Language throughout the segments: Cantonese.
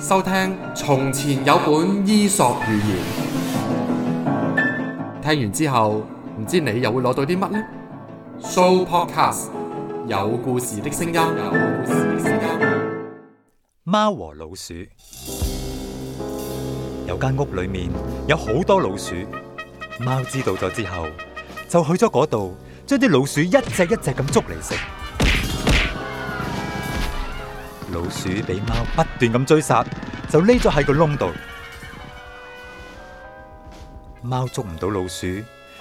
收聽從前有本伊索寓言，聽完之後唔知你又會攞到啲乜呢？Sooo Podcast，有故事的聲音，貓和老鼠。有間屋裏面有好多老鼠，貓知道咗之後就去咗嗰度，將啲老鼠一隻一隻咁捉嚟食。.老鼠俾貓不斷咁追殺，就匿咗喺個窿度。貓捉唔到老鼠，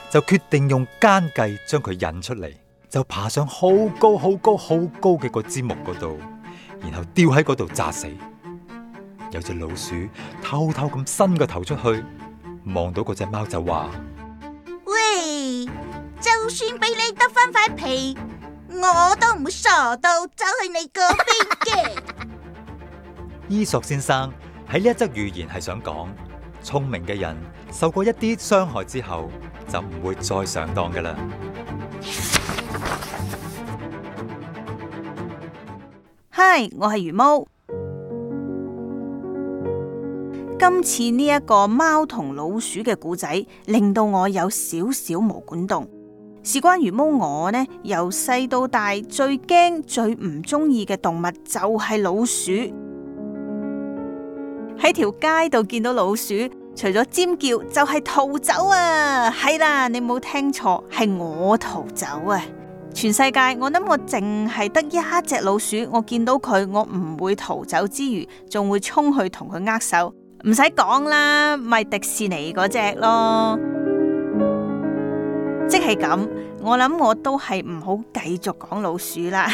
就決定用奸計將佢引出嚟，就爬上好高好高好高嘅嗰枝木嗰度，然後吊喺嗰度詐死。有隻老鼠偷偷咁伸個頭出去，望到嗰隻貓就話：喂，就算俾你得返塊皮。我都唔傻到走去你嗰邊嘅。伊索先生喺呢一則寓言係想講，聰明嘅人受過一啲傷害之後，就唔會再上當㗎喇。嗨，我係魚毛。 今次呢一個貓同老鼠嘅故仔，令到我有少少毛管動。事關如毛，我呢由細到大最驚最唔中意嘅動物就係老鼠。喺條街度見到老鼠，除咗尖叫就係、是、逃走啊！係啦，你冇聽錯，係我逃走啊！全世界我諗我淨係得一隻老鼠，我見到佢我唔會逃走之餘，仲會衝去同佢握手。唔使講啦，咪、就是、迪士尼嗰隻咯。即係咁，我諗我都係唔好繼續講老鼠啦。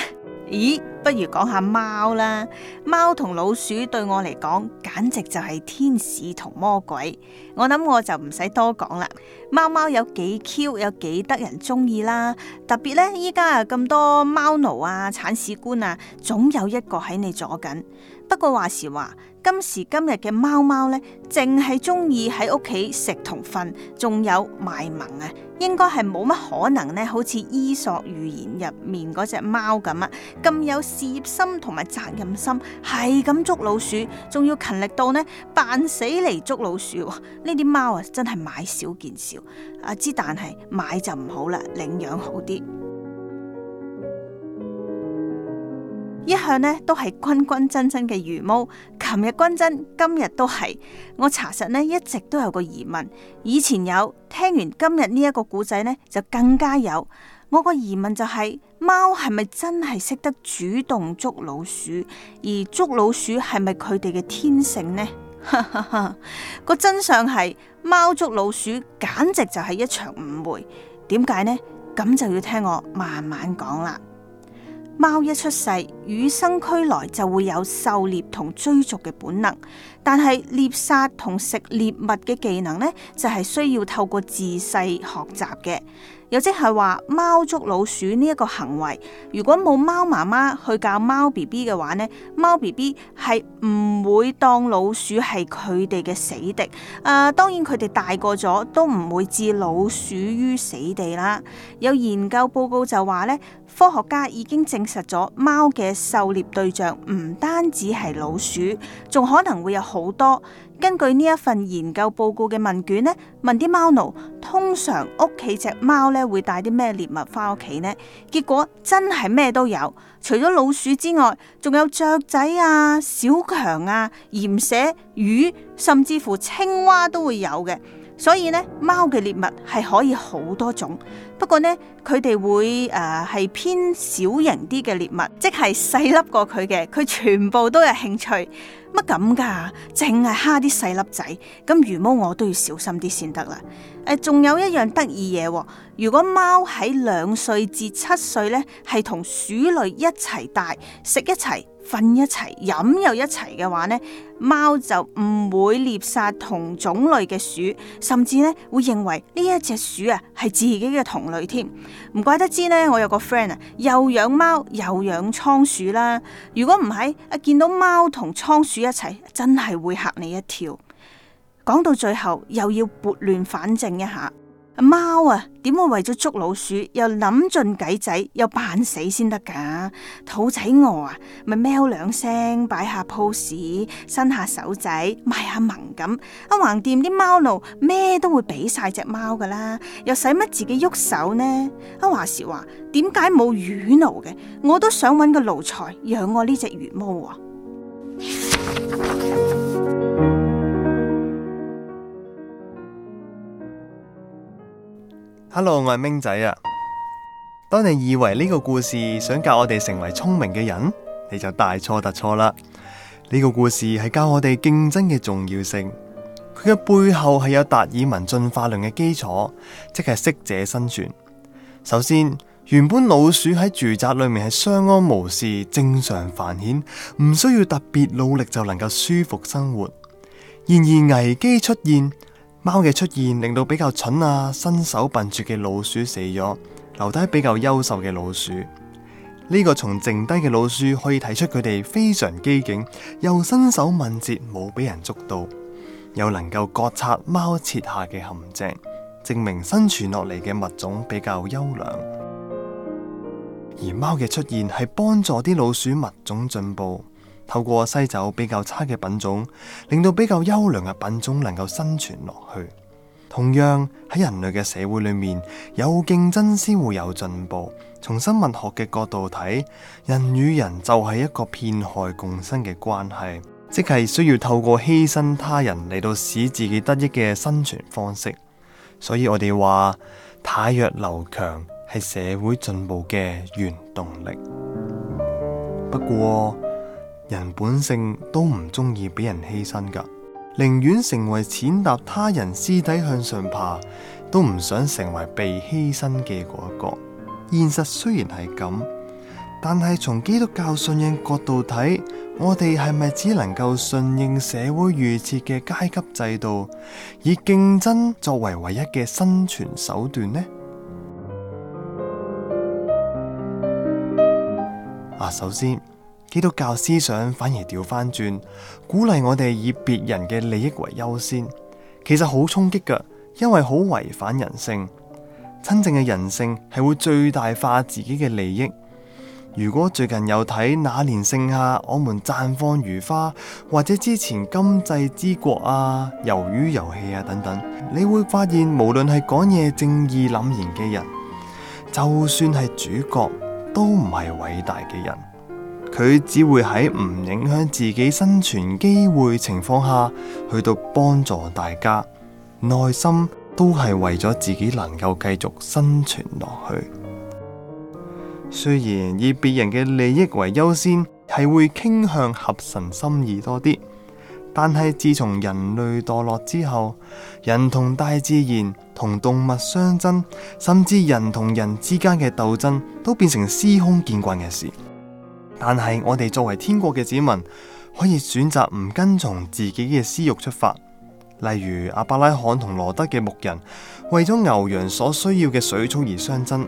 咦，不如講下貓啦。貓同老鼠對我嚟講，簡直就係天使同魔鬼。我諗我就唔使多講啦。貓貓有幾 Q，有幾得人鍾意啦。特別呢，依家啊咁多貓奴啊、鏟屎官啊，總有一個喺你左緊。不過話時話，今時今日嘅貓貓呢，淨係中意喺屋企食同瞓，仲有賣萌啊，應該係冇乜可能呢，好似伊索寓言入面嗰隻貓咁啊，咁有事業心同埋責任心，係咁捉老鼠，仲要勤力到呢扮死嚟捉老鼠喎。呢啲貓啊，真係買少見少。阿之，但係買就唔好啦，領養好啲。一向呢都係君君真真嘅魚毛，琴日君真，今日都係。我查實呢一直都有個疑問，以前有，聽完今日故呢一個古仔呢就更加有。我個疑問就係、是，貓係咪真係識得主動捉老鼠，而捉老鼠係咪佢哋嘅天性呢？個 真相係貓捉老鼠簡直就係一場誤會。點解呢？咁就要聽我慢慢講啦。貓一出世，與生俱來就會有狩獵同追逐嘅本能，但係獵殺同食獵物嘅技能呢，就係需要透過自細學習嘅。有即係話貓捉老鼠呢一個行為，如果冇貓媽媽去教貓 B B 嘅話，呢貓 B B 係唔會當老鼠係佢哋嘅死敵。啊、呃，當然佢哋大個咗都唔會置老鼠於死地啦。有研究報告就話，呢科學家已經證實咗貓嘅狩獵對象唔單止係老鼠，仲可能會有好多。根據呢一份研究報告嘅問卷呢，問啲貓奴通常屋企隻貓呢會帶啲咩獵物返屋企呢？結果真係咩都有，除咗老鼠之外，仲有雀仔啊、小強啊、鹽蛇、魚，甚至乎青蛙都會有嘅。所以咧，貓嘅獵物係可以好多種，不過咧佢哋會誒係、呃、偏小型啲嘅獵物，即係細粒過佢嘅，佢全部都有興趣乜咁噶，淨係蝦啲細粒仔咁，魚毛我都要小心啲先得啦。誒、呃，仲有一樣得意嘢，如果貓喺兩歲至七歲咧，係同鼠類一齊大，食一齊。瞓一齊飲又一齊嘅話呢，貓就唔會獵殺同種類嘅鼠，甚至呢會認為呢一隻鼠啊，係自己嘅同類添。唔怪得知呢，我有個 friend 啊，又養貓又養倉鼠啦。如果唔係，一見到貓同倉鼠一齊，真係會吓你一跳。講到最後，又要撥亂反正一下。貓啊，點會為咗捉老鼠又諗盡計仔，又扮死先得噶？肚仔餓啊，咪喵兩聲，擺下 pose，伸下手仔，賣下萌咁。阿橫掂啲貓奴咩都會俾晒隻貓噶啦，又使乜自己喐手呢？啊，話時話，點解冇魚奴嘅？我都想搵個奴才養我呢隻魚毛啊！hello，我係明仔啊！當你以為呢個故事想教我哋成為聰明嘅人，你就大錯特錯啦！呢個故事係教我哋競爭嘅重要性，佢嘅背後係有達爾文進化論嘅基礎，即係適者生存。首先，原本老鼠喺住宅裏面係相安無事、正常繁衍，唔需要特別努力就能夠舒服生活。然而危機出現。貓嘅出現令到比較蠢啊、身手笨拙嘅老鼠死咗，留低比較優秀嘅老鼠。呢個從剩低嘅老鼠可以睇出佢哋非常機警，又身手敏捷，冇俾人捉到，又能夠覺察貓設下嘅陷阱，證明生存落嚟嘅物種比較優良。而貓嘅出現係幫助啲老鼠物種進步。透過篩走比較差嘅品種，令到比較優良嘅品種能夠生存落去。同樣喺人類嘅社會裏面，有競爭先會有進步。從生物學嘅角度睇，人與人就係一個偏害共生嘅關係，即係需要透過犧牲他人嚟到使自己得益嘅生存方式。所以我哋話，汰弱留強係社會進步嘅原動力。不過，人本性都唔中意俾人犧牲噶，寧願成為踐踏他人屍體向上爬，都唔想成為被犧牲嘅嗰一個。現實雖然係咁，但係從基督教信仰角度睇，我哋係咪只能夠順應社會預設嘅階級制度，以競爭作為唯一嘅生存手段呢？啊，首先。基督教思想反而調翻轉，鼓勵我哋以別人嘅利益為優先，其實好衝擊噶，因為好違反人性。真正嘅人性係會最大化自己嘅利益。如果最近有睇《那年盛夏我們綻放如花》，或者之前《今際之國》啊、《魷魚遊戲》啊等等，你會發現無論係講嘢正義凛然嘅人，就算係主角，都唔係偉大嘅人。佢只會喺唔影響自己生存機會情況下，去到幫助大家，內心都係為咗自己能夠繼續生存落去。雖然以別人嘅利益為優先，係會傾向合神心意多啲，但係自從人類墮落之後，人同大自然、同動物相爭，甚至人同人之間嘅鬥爭，都變成司空見慣嘅事。但係，我哋作為天國嘅子民，可以選擇唔跟從自己嘅私欲出發。例如阿伯拉罕同羅德嘅牧人為咗牛羊所需要嘅水草而相爭，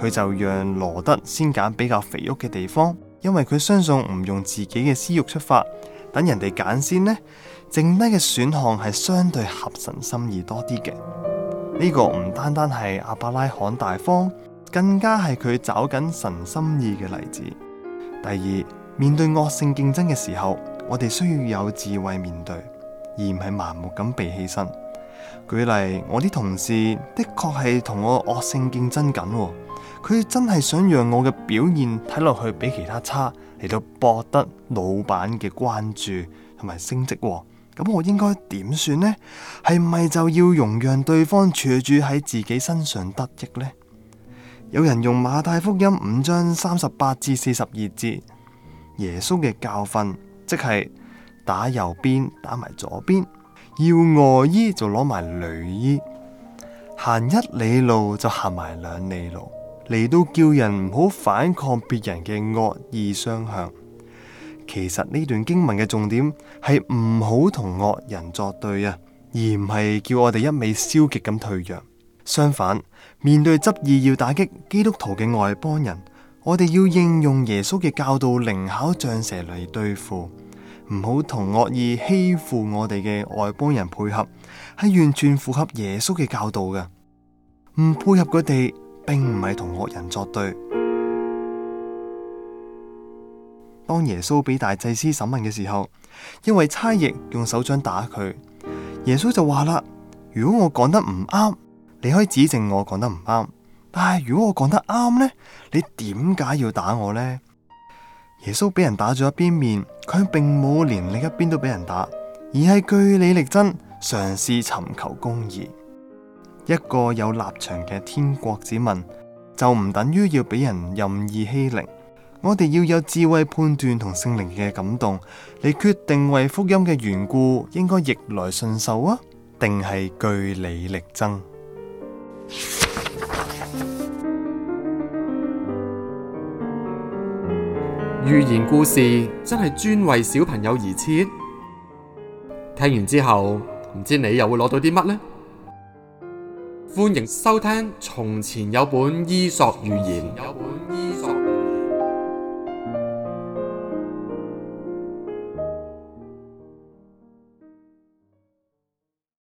佢就讓羅德先揀比較肥沃嘅地方，因為佢相信唔用自己嘅私欲出發，等人哋揀先呢，剩低嘅選項係相對合神心意多啲嘅。呢、這個唔單單係阿伯拉罕大方，更加係佢找緊神心意嘅例子。第二，面對惡性競爭嘅時候，我哋需要有智慧面對，而唔係盲目咁避起身。舉例，我啲同事的確係同我惡性競爭緊，佢真係想讓我嘅表現睇落去比其他差，嚟到博得老闆嘅關注同埋升職。咁我應該點算呢？係咪就要容讓對方處住喺自己身上得益呢？有人用馬太福音五章三十八至四十二節，耶穌嘅教訓，即係打右邊，打埋左邊；要外衣就攞埋裏衣；行一里路就行埋兩里路，嚟到叫人唔好反抗別人嘅惡意相向。其實呢段經文嘅重點係唔好同惡人作對啊，而唔係叫我哋一味消極咁退讓。相反，面對執意要打擊基督徒嘅外邦人，我哋要應用耶穌嘅教導，靈巧像蛇嚟對付，唔好同惡意欺負我哋嘅外邦人配合，係完全符合耶穌嘅教導嘅。唔配合佢哋，並唔係同惡人作對。當耶穌俾大祭司審問嘅時候，因為差役用手掌打佢，耶穌就話啦：如果我講得唔啱。你可以指正我講得唔啱，但係如果我講得啱呢，你點解要打我呢？耶穌俾人打咗一邊面，佢並冇連另一邊都俾人打，而係據理力爭，嘗試尋求公義。一個有立場嘅天國子民，就唔等於要俾人任意欺凌。我哋要有智慧判斷同聖靈嘅感動。你決定為福音嘅緣故，應該逆來順受啊，定係據理力爭？寓言故事真係專為小朋友而設，聽完之後唔知你又會攞到啲乜呢？歡迎收聽《從前有本伊索寓言》。